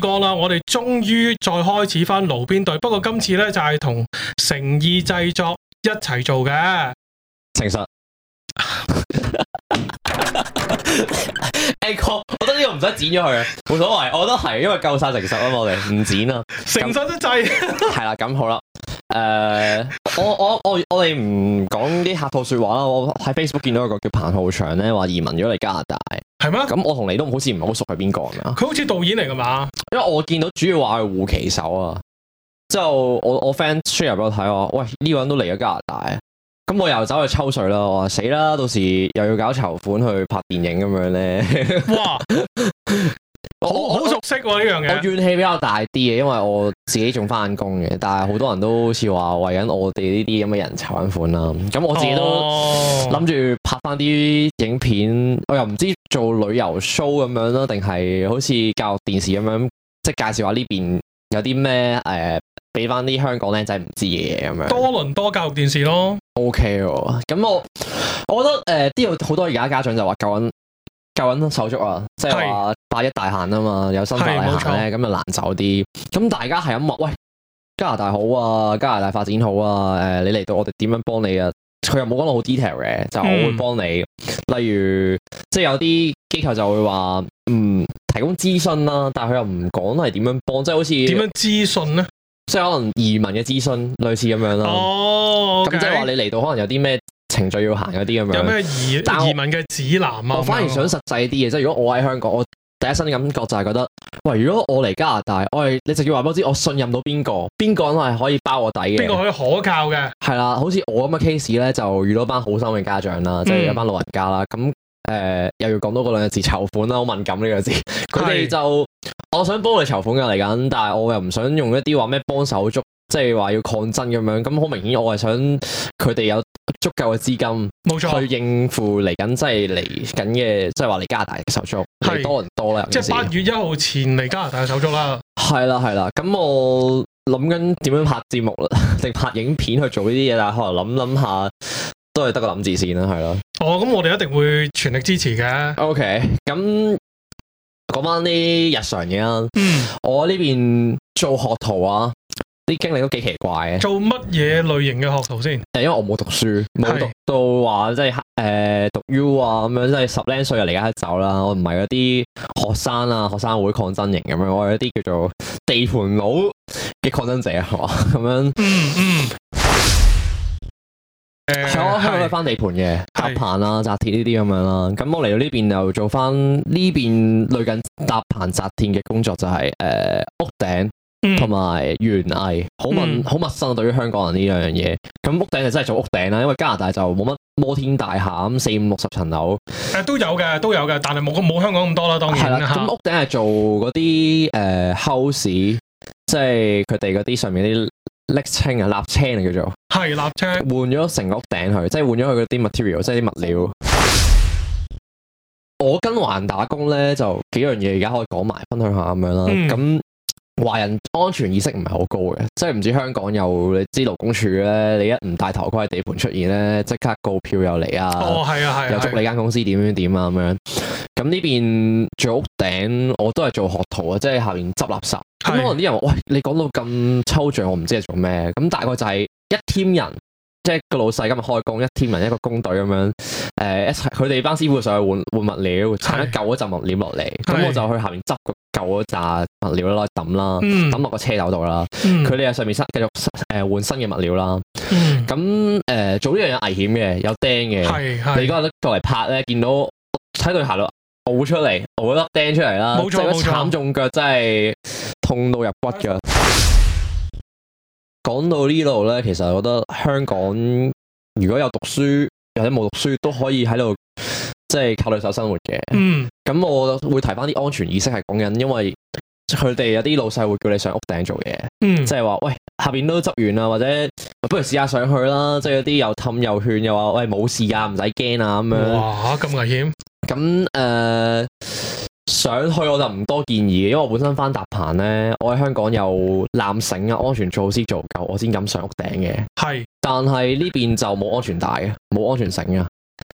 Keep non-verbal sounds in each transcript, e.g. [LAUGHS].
歌啦，我哋終於再開始翻爐邊對，不過今次呢，就係同誠意製作一齊做嘅誠實。我覺得呢個唔使剪咗佢，冇所謂。我覺得係，因為夠晒誠實啊、就是 [LAUGHS] [LAUGHS] 呃，我哋唔剪啊。誠實都滯。係啦，咁好啦。誒，我我我我哋唔講啲客套說話啦。我喺 Facebook 見到一個叫彭浩翔呢，話移民咗嚟加拿大。係咩？咁我同你都好似唔係好熟，係邊個啊？佢好似導演嚟噶嘛？因為我見到主要話係護旗手啊，之後我我 friend share 俾我睇，喂呢、呢個人都嚟咗加拿大，啊。咁我又走去抽水啦。我話死啦，到時又要搞籌款去拍電影咁樣咧。哇， [LAUGHS] 好我好熟悉呢樣嘢。我，我怨氣比較大啲嘅，因為我自己仲翻工嘅，但係好多人都好似話為緊我哋呢啲咁嘅人籌緊款啦。咁我自己都諗住拍翻啲影片，我又唔知。做旅遊 show 咁樣咯，定係好似教育電視咁樣，即係介紹下呢邊有啲咩誒，俾翻啲香港靚仔唔知嘅嘢咁樣。多倫多教育電視咯。O K 喎，咁我我覺得誒，呢度好多而家家長就話救緊救緊手足啊，即係話八一大限啊嘛，有新大限咧，咁就難走啲。咁大家係咁話，喂加拿大好啊，加拿大發展好啊，誒、呃、你嚟到我哋點樣幫你啊？佢又冇講到好 detail 嘅，就係、我會幫你，嗯、例如即係有啲機構就會話，嗯，提供諮詢啦，但係佢又唔講係點樣幫，即係好似點樣諮詢咧，即係可能移民嘅諮詢類似咁樣咯。哦，咁、okay、即係話你嚟到可能有啲咩程序要行嗰啲咁樣。有咩移我移民嘅指南啊？我反而想實際啲嘢，即係如果我喺香港我。第一身感覺就係覺得，喂，如果我嚟加拿大，我係你直接話俾我知，我信任到邊個，邊個係可以包我底嘅，邊個可以可靠嘅？係啦，好似我咁嘅 case 咧，就遇到班好心嘅家長啦，即係、嗯、一班老人家啦。咁誒、呃，又要講多嗰兩字籌款啦，好敏感呢個字。佢哋就，是我想幫你哋籌款嘅嚟緊，但係我又唔想用一啲話咩幫手足」，即係話要抗爭咁樣。咁好明顯，我係想佢哋有足夠嘅資金，冇錯，去應付嚟緊，即係嚟緊嘅，即係話嚟加拿大嘅手足。係多人多啦，即係八月一號前嚟加拿大手足啦。係啦係啦，咁我諗緊點樣拍節目啦，定拍影片去做呢啲嘢啦，可能諗諗下都係得個諗字先啦，係咯。哦，咁我哋一定會全力支持嘅。OK，咁講翻啲日常嘢啊。嗯， [LAUGHS] 我呢邊做學徒啊。啲經歷都幾奇怪嘅。做乜嘢類型嘅學徒先？就因為我冇讀書，冇讀到話即係誒讀 U 啊咁樣，即係十零歲就離家一走啦。我唔係嗰啲學生啊，學生會抗爭型咁樣，我係一啲叫做地盤佬嘅抗爭者啊。嘛，咁樣。嗯嗯。係啊，香港去翻地盤嘅搭棚啦、紮鐵呢啲咁樣啦。咁我嚟到呢邊又做翻呢邊類近搭棚紮鐵嘅工作，就係誒屋頂。同埋園藝好問好、嗯、陌生啊，對於香港人呢樣嘢。咁屋頂就真係做屋頂啦、啊，因為加拿大就冇乜摩天大廈咁四五,五六十層樓。誒、啊，都有嘅，都有嘅，但係冇冇香港咁多啦。當然咁、啊啊、屋頂係做嗰啲誒 house，即係佢哋嗰啲上面啲瀝青啊、瀝青嚟叫做。係瀝青，換咗成個屋頂去，即係換咗佢嗰啲 material，即係啲物料。嗯、我跟華打工咧，就幾樣嘢而家可以講埋，分享下咁樣啦。咁、嗯嗯嗯華人安全意識唔係好高嘅，即係唔知香港有你知勞工處咧，你一唔戴頭盔喺地盤出現咧，即刻告票又嚟啊！哦，係啊，係啊，啊又捉你間公司點點點啊咁樣。咁呢邊做屋頂，我都係做學徒啊，即係下邊執垃圾。咁可能啲人話：喂、啊，你講到咁抽象，我唔知係做咩。咁大概就係一 team 人。即係個老細今日開工，一天文一個工隊咁樣，誒一齊佢哋班師傅上去換換物料，產一是舊嗰陣物料落嚟，咁是我就去下面執個舊嗰紮物料去抌啦，抌落個車斗度啦。佢哋喺上面新繼續誒換新嘅物料啦。咁誒、嗯呃、做呢樣嘢危險嘅，有釘嘅。你嗰日過嚟拍咧，見到喺度行路，攪出嚟攪粒釘出嚟啦。冇錯冇錯，錯慘中腳真係痛到入骨㗎錯。 [LAUGHS] 講到呢度呢，其實我覺得香港如果有讀書或者冇讀書都可以喺度，即係靠兩手生活嘅。咁、嗯、我會提翻啲安全意識係講緊，因為佢哋有啲老細會叫你上屋頂做嘢，即係話喂，下邊都執完啦，或者不如試下上去啦。即係有啲又氹又勸，又話喂，冇事啊，唔使驚啊咁樣。哇！咁危險。咁誒。Uh 上去我就唔多建議嘅，因為我本身翻搭棚呢，我喺香港有纜繩啊，安全措施做夠，我先敢上屋頂嘅。係是，但係呢邊就冇安全帶嘅，冇安全繩嘅，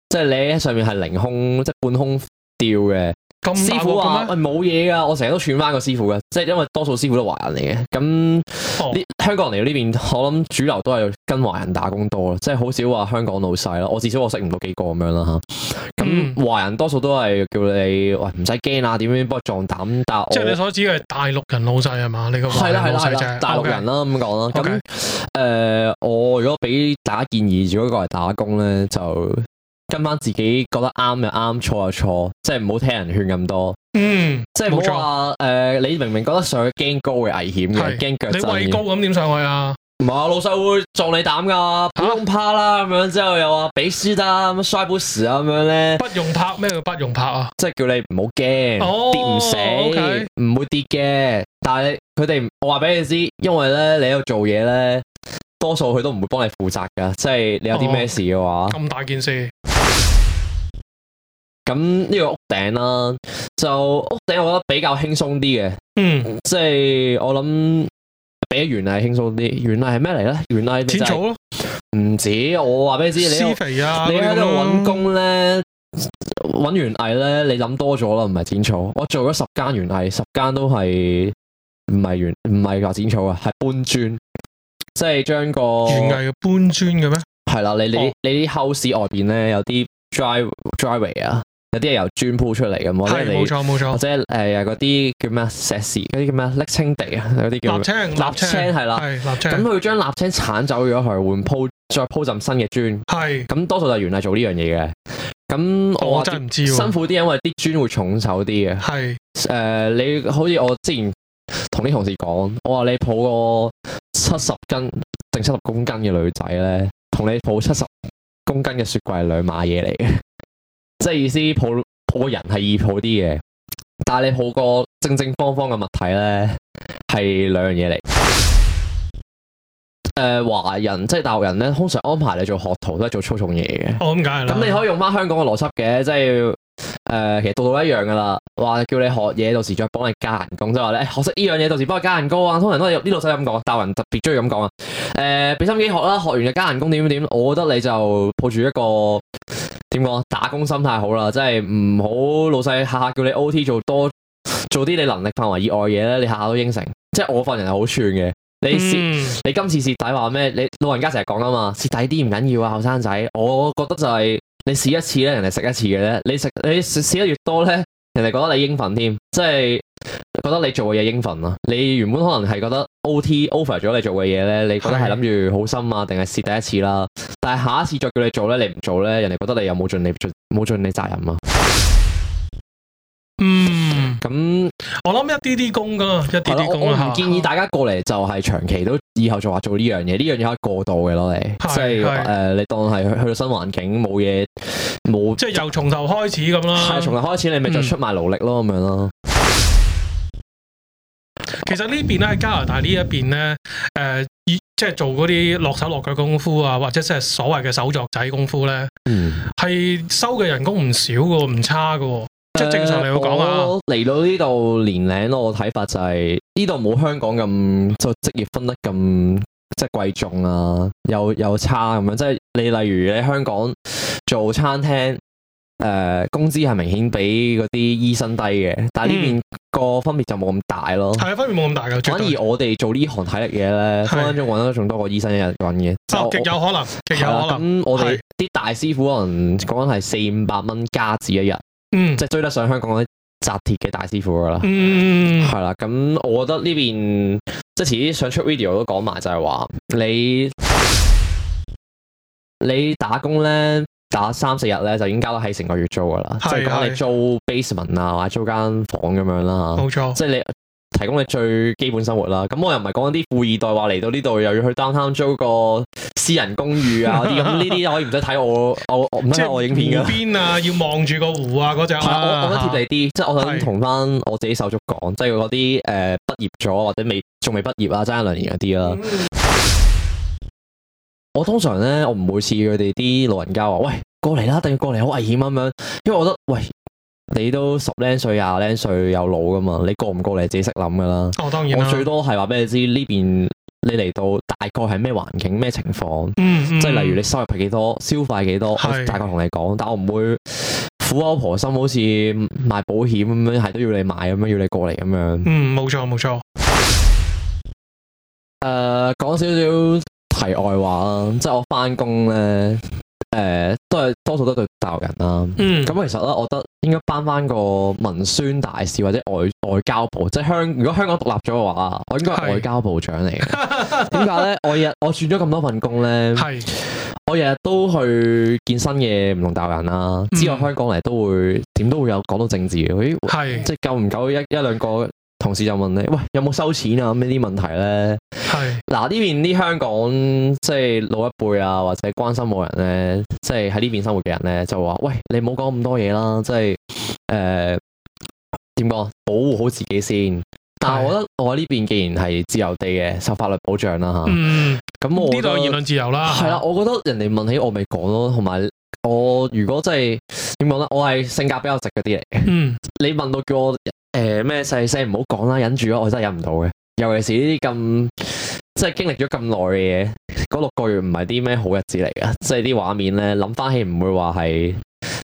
即係你喺上面係凌空，即係半空吊嘅。師傅話，誒，冇嘢噶。我成日都串翻個師傅嘅，即係因為多數師傅都華人嚟嘅。咁，哦、香港嚟到呢邊，我諗主流都係跟華人打工多咯，即係好少話香港老細咯。我至少我識唔到幾個咁樣啦，吓。咁華、嗯、人多數都係叫你喂唔使驚啊，點樣幫撞膽。但我即係你所指嘅大陸人老細係嘛？你個華人老細就大陸人啦、啊，咁講啦。咁誒 okay.、呃，我如果俾大家建議，如果過嚟打工咧，就跟翻自己覺得啱就啱，錯就錯，即係唔好聽人勸咁多。嗯，即係冇話誒，你明明覺得上去驚高會危險嘅，驚腳震嘅你畏高咁點上去啊？唔係老細會撞你膽噶，唔怕啦咁、啊、樣之後又話俾師得衰 boss 啊，咁樣咧，不用怕咩叫不用怕啊？即係叫你唔好驚跌唔死，唔 okay. 會跌嘅。但係佢哋我話俾你知，因為咧你喺度做嘢咧，多數佢都唔會幫你負責噶。即係你有啲咩事嘅話，咁、哦、大件事咁呢個屋頂啦、啊，就屋頂我覺得比較輕鬆啲嘅。嗯，即係我諗。俾園藝輕鬆啲，園藝係咩嚟咧？園藝剪草咯，唔止。我話俾你知，施肥啊！你喺度搵工咧，搵園藝咧，你諗多咗啦，唔係剪草。我做咗十間園藝，十間都係唔係園，唔係話剪草啊，係搬磚，即係將個園藝搬磚嘅咩？係啦，你、哦、你你啲 house 外邊咧有啲 driveway 啊。有啲係由磚鋪出嚟嘅，冇錯，冇錯你或者誒，嗰啲、呃、叫咩石屎，嗰啲叫咩瀝青地啊，有啲叫瀝青，瀝青係啦。咁佢將瀝青鏟了走咗，佢換鋪再鋪浸新嘅磚。係咁是，多數就原嚟做呢樣嘢嘅。咁我，嗯、我真唔知辛苦啲因為啲磚會重手啲嘅。係誒是，uh, 你好似我之前同啲同事講，我話你抱個七十斤定七十公斤嘅女仔咧，同你抱七十公斤嘅雪櫃係兩碼嘢嚟嘅。即係意思，抱抱人係易抱啲嘅，但係你抱個正正方方嘅物體咧，係兩樣嘢嚟。誒、呃，華人即係大陸人咧，通常安排你做學徒都係做粗重嘢嘅。哦，咁梗係啦。咁你可以用翻香港嘅邏輯嘅，即係誒、呃，其實度度都一樣噶啦。話，叫你學嘢，到時再幫你加人工，即係話咧，學識呢樣嘢，到時幫你加人工啊。通常都係呢度使咁講，大陸人特別中意咁講啊。誒、呃，俾心機學啦，學完就加人工點點點。我覺得你就抱住一個。點講打工心態好啦，真係唔好老細下下叫你 OT 做多做啲你能力範圍以外嘅嘢咧，你下下都應承。即係我份人係好串嘅，你試、嗯、你今次蝕底話咩？你老人家成日講啊嘛，蝕底啲唔緊要啊，後生仔。我覺得就係你蝕一次咧，人哋食一次嘅咧，你食你蝕得越多咧，人哋覺得你應份添，即係。覺得你做嘅嘢應份啊！你原本可能係覺得 OT offer 咗你做嘅嘢咧，你覺得係諗住好心啊，定係蝕第一次啦？但係下一次再叫你做咧，你唔做咧，人哋覺得你又冇盡你盡冇盡你責任啊！嗯，咁我諗一啲啲工噶，一啲啲工唔建議大家過嚟就係長期都以後就話做呢樣嘢，呢樣嘢可以過度嘅咯。你即係誒，你當係去到新環境冇嘢冇，即係由從頭開始咁啦。係從頭開始，你咪就出賣勞力咯，咁樣咯。其實呢邊咧，喺加拿大呢一邊咧，誒、呃，即係做嗰啲落手落腳功夫啊，或者即係所謂嘅手作仔功夫咧，係、嗯、收嘅人工唔少嘅，唔差嘅，即係正常嚟講啊。我嚟到呢度年齡，我睇法就係呢度冇香港咁，就係職業分得咁即係貴重啊，又又差咁樣。即係你例如喺香港做餐廳。誒、呃，工資係明顯比嗰啲醫生低嘅，但係呢邊個分別就冇咁大咯。係啊、嗯，分別冇咁大嘅。反而我哋做呢行體力嘢咧，分分鐘搵得仲多過醫生一日搵嘅。極、哦、極有可能，極有可能。咁我哋啲的大師傅可能講緊係四五百蚊加紙一日，即係、嗯、追得上香港嗰紮鐵嘅大師傅噶啦。嗯，係啦。咁我覺得呢邊即係遲啲想出 video 都講埋，就係話你你，你打工咧。打三四日咧，就已經交得起成個月租噶啦，即係講你租 basement 啊，或者租間房咁樣啦，冇錯，即係你提供你最基本生活啦。咁我又唔係講啲富二代話嚟到呢度又要去 downtown 租個私人公寓啊啲咁，呢啲 [LAUGHS] 可以唔使睇我我，唔睇我，我影片噶邊啊，要望住個湖啊嗰隻。係、那個啊、 [LAUGHS] 我我講得貼地啲，即、就、係、是、我想同翻我自己手足講，即係嗰啲誒畢業咗或者未仲未畢業啊，爭一兩年嗰啲啊。 [LAUGHS] [LAUGHS] 我通常咧，我唔會似佢哋啲老人家話，喂，過嚟啦，一定要過嚟，好危險咁樣。因為我覺得，喂，你都十零歲、廿零歲有腦噶嘛，你過唔過嚟自己識諗噶啦。我、哦、當然、啊、我最多係話俾你知呢邊，邊你嚟到大概係咩環境、咩情況，嗯嗯、即係例如你收入係幾多、消費幾多，嗯嗯、大概同你講。是但我唔會苦口婆心，好似賣保險咁樣，係都要你買咁樣，要你過嚟咁樣。嗯，冇錯冇錯。誒，講少少。題外話啦，即係我翻工咧，誒都係多數都對大陸人啦、啊。嗯，咁其實咧，我覺得應該搬翻個文宣大使或者外外交部，即係香，如果香港獨立咗嘅話，我應該係外交部長嚟嘅。點解咧？我日我轉咗咁多份工咧，是我日日都去見新嘅唔同大陸人啦、啊。知道，香港嚟都會點都會有講到政治嘅。咦、哎，是即係夠唔夠一一,一兩個？同事就問你：喂，有冇收錢啊？咩啲問題咧？係嗱呢邊啲香港即係老一輩啊，或者關心冇人咧，即係喺呢邊生活嘅人咧，就話：喂，你唔好講咁多嘢啦！即係誒點講？保護好自己先。但係我覺得我喺呢邊既然係自由地嘅，受法律保障啦嚇。咁、嗯、我呢度言論自由啦。係啦、啊，我覺得人哋問起我咪講咯，同埋我如果即係點講咧，我係性格比較直嗰啲嚟嘅。嗯，你問到叫我。誒咩細細唔好講啦，忍住咯，我真係忍唔到嘅。尤其是呢啲咁，即係經歷咗咁耐嘅嘢，嗰六個月唔係啲咩好日子嚟㗎。即係啲畫面咧，諗翻起唔會話係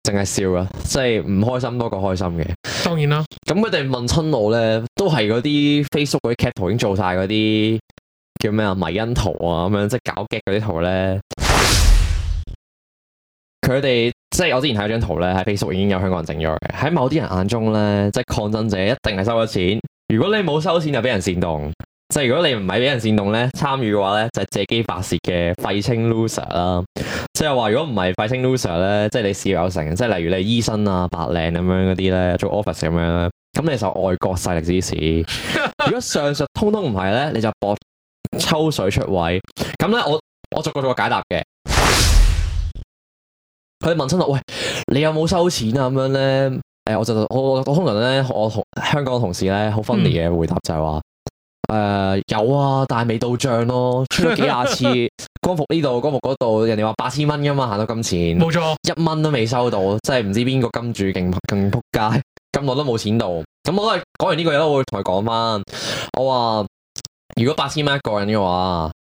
淨係笑啦，即係唔開心多過開心嘅。當然啦。咁佢哋問親我咧，都係嗰啲 Facebook 嗰啲 cap 已經做晒嗰啲叫咩啊迷因圖啊咁樣，即係搞 gag 嗰啲圖咧。佢哋即係我之前睇張圖咧，喺 Facebook 已經有香港人整咗。喺某啲人眼中咧，即係抗爭者一定係收咗錢。如果你冇收錢就俾人煽動，即係如果你唔係俾人煽動咧，參與嘅話咧，就係、借機發泄嘅廢青 loser 啦。即係話如果唔係廢青 loser 咧，即係你事業有成，即係例如你係醫生啊、白領咁樣嗰啲咧，做 office 咁樣咧，咁你就外國勢力支持。如果上述通通唔係咧，你就搏抽水出位。咁咧，我我逐個逐個解答嘅。佢哋問親我：喂，你有冇收錢啊？咁樣咧，誒、欸，我就我我通常咧，我同香港同事咧，好 funny 嘅回答就係、是、話：誒、嗯呃、有啊，但係未到帳咯，出咗幾廿次 [LAUGHS] 光，光復呢度，光復嗰度，人哋話八千蚊噶嘛，行到金錢，冇錯，一蚊都未收到，真係唔知邊個金主勁勁撲街，咁耐都冇錢到。咁我都係講完呢個嘢，我會同佢講翻，我話：如果八千蚊一個人嘅話。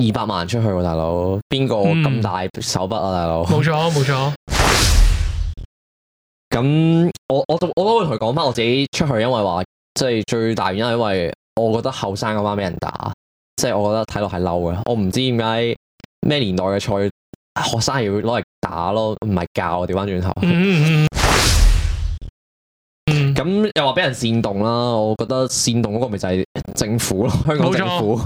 二百萬出去喎，大佬，邊個咁大手筆啊，大佬？冇錯、啊，冇錯。咁 [LAUGHS] 我我都我都會同佢講翻我自己出去，因為話即係最大原因係因為我覺得後生咁樣俾人打，即、就、係、是、我覺得睇落係嬲嘅。我唔知點解咩年代嘅賽學生係要攞嚟打咯，唔係教我哋翻轉頭。嗯，咁又話俾人煽動啦，我覺得煽動嗰個咪就係政府咯，香港政府。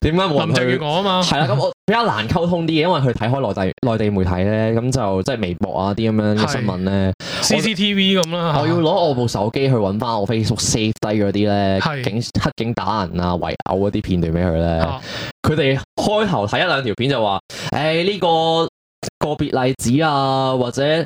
點解冇去？林鄭如我啊嘛，係啦，咁我比較難溝通啲嘅， [LAUGHS] 因為佢睇開內地內地媒體咧，咁就即係微博啊啲咁樣嘅新聞咧，CCTV 咁啦。 [LAUGHS] 我，我要攞我部手機去搵翻我 Facebook save 低嗰啲咧，警 [LAUGHS] 黑警打人啊、圍毆嗰啲片段俾佢咧。佢哋 [LAUGHS] 開頭睇一兩條片就話：誒、欸、呢、這個個別例子啊，或者誒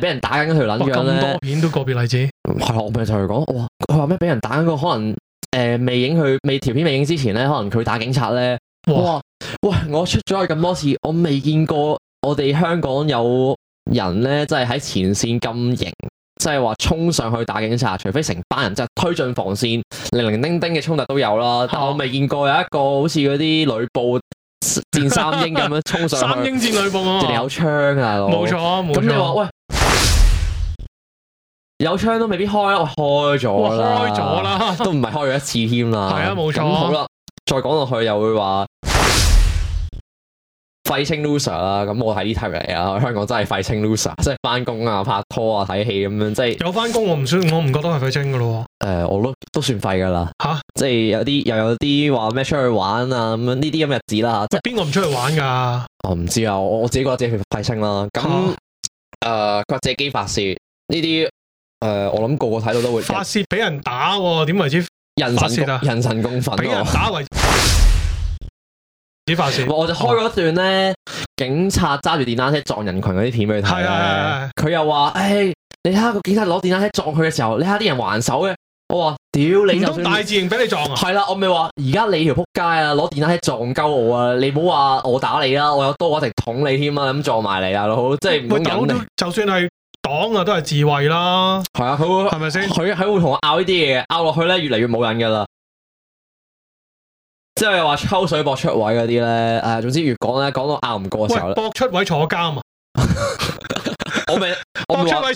俾人打緊佢卵樣咁多片都個別例子。係 [LAUGHS] 啊，我咪就嚟講，我話佢話咩俾人打緊個可能。誒未影佢未條片未影之前呢，可能佢打警察呢。哇！喂哇，我出咗去咁多次，我未見過我哋香港有人呢，即係喺前線咁型，即係話衝上去打警察，除非成班人即係推進防線，零零丁丁嘅衝突都有啦，嗎但我未見過有一個好似嗰啲呂布戰三英咁樣衝上去 [LAUGHS] 三英戰呂布， [LAUGHS] 有槍啊，冇錯，啊，咁你話喂？有槍都未必開，我開咗咗啦，開開啦哈哈都唔係開咗一次添啦。係啊，冇錯。好啦，再講落去又會話廢青 loser 啦。咁我睇呢 part 嚟啊，香港真係廢青 loser，即係翻工啊、拍拖啊、睇戲咁樣，即係。有翻工我唔算，我唔覺得係廢青噶咯。誒、呃，我都都算廢噶啦。吓、啊，即係有啲又有啲話咩出去玩啊咁樣呢啲咁日子啦。即係邊個唔出去玩噶？我唔、啊、知啊，我自己覺得自己係廢青啦。咁誒，或者借機發洩呢啲。呃誒、呃，我諗個個睇到都會發洩俾人打、啊，點為之？人神共人神共憤俾人打為止。 [LAUGHS] 止發設我就開咗一段咧，哦、警察揸住電單車撞人群嗰啲片俾你睇咧。佢 [LAUGHS] 又話：，誒、哎，你睇下個警察攞電單車撞佢嘅時候，你睇下啲人還手嘅。我話：，屌你，就你，唔通大自然俾你撞啊？係啦，我咪話，而家你條扑街啊，攞電單車撞鳩我啊！你唔好話我打你啦，我有刀我一捅你添啊。咁撞埋你啊，老好，即係唔好講就算係。 [LAUGHS] 講啊都係智慧啦，係啊佢會係咪先？佢佢會同我拗呢啲嘢，拗落去咧越嚟越冇癮噶啦。即係話抽水博出位嗰啲咧，誒，總之越講咧講到拗唔過嘅時候咧。博出位坐監啊！ [LAUGHS] 我咪沒 [LAUGHS] 我話我話說我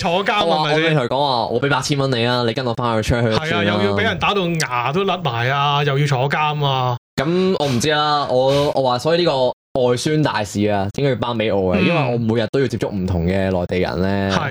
俾佢講話，我俾八千蚊你啊，你跟我翻去出去。係啊，又要俾人打到牙都甩埋啊，又要坐監啊！咁 [LAUGHS] 我唔知啦，我我話，所以呢個外宣大使啊，應該要頒俾我嘅，因為我每日都要接觸唔同嘅內地人咧。的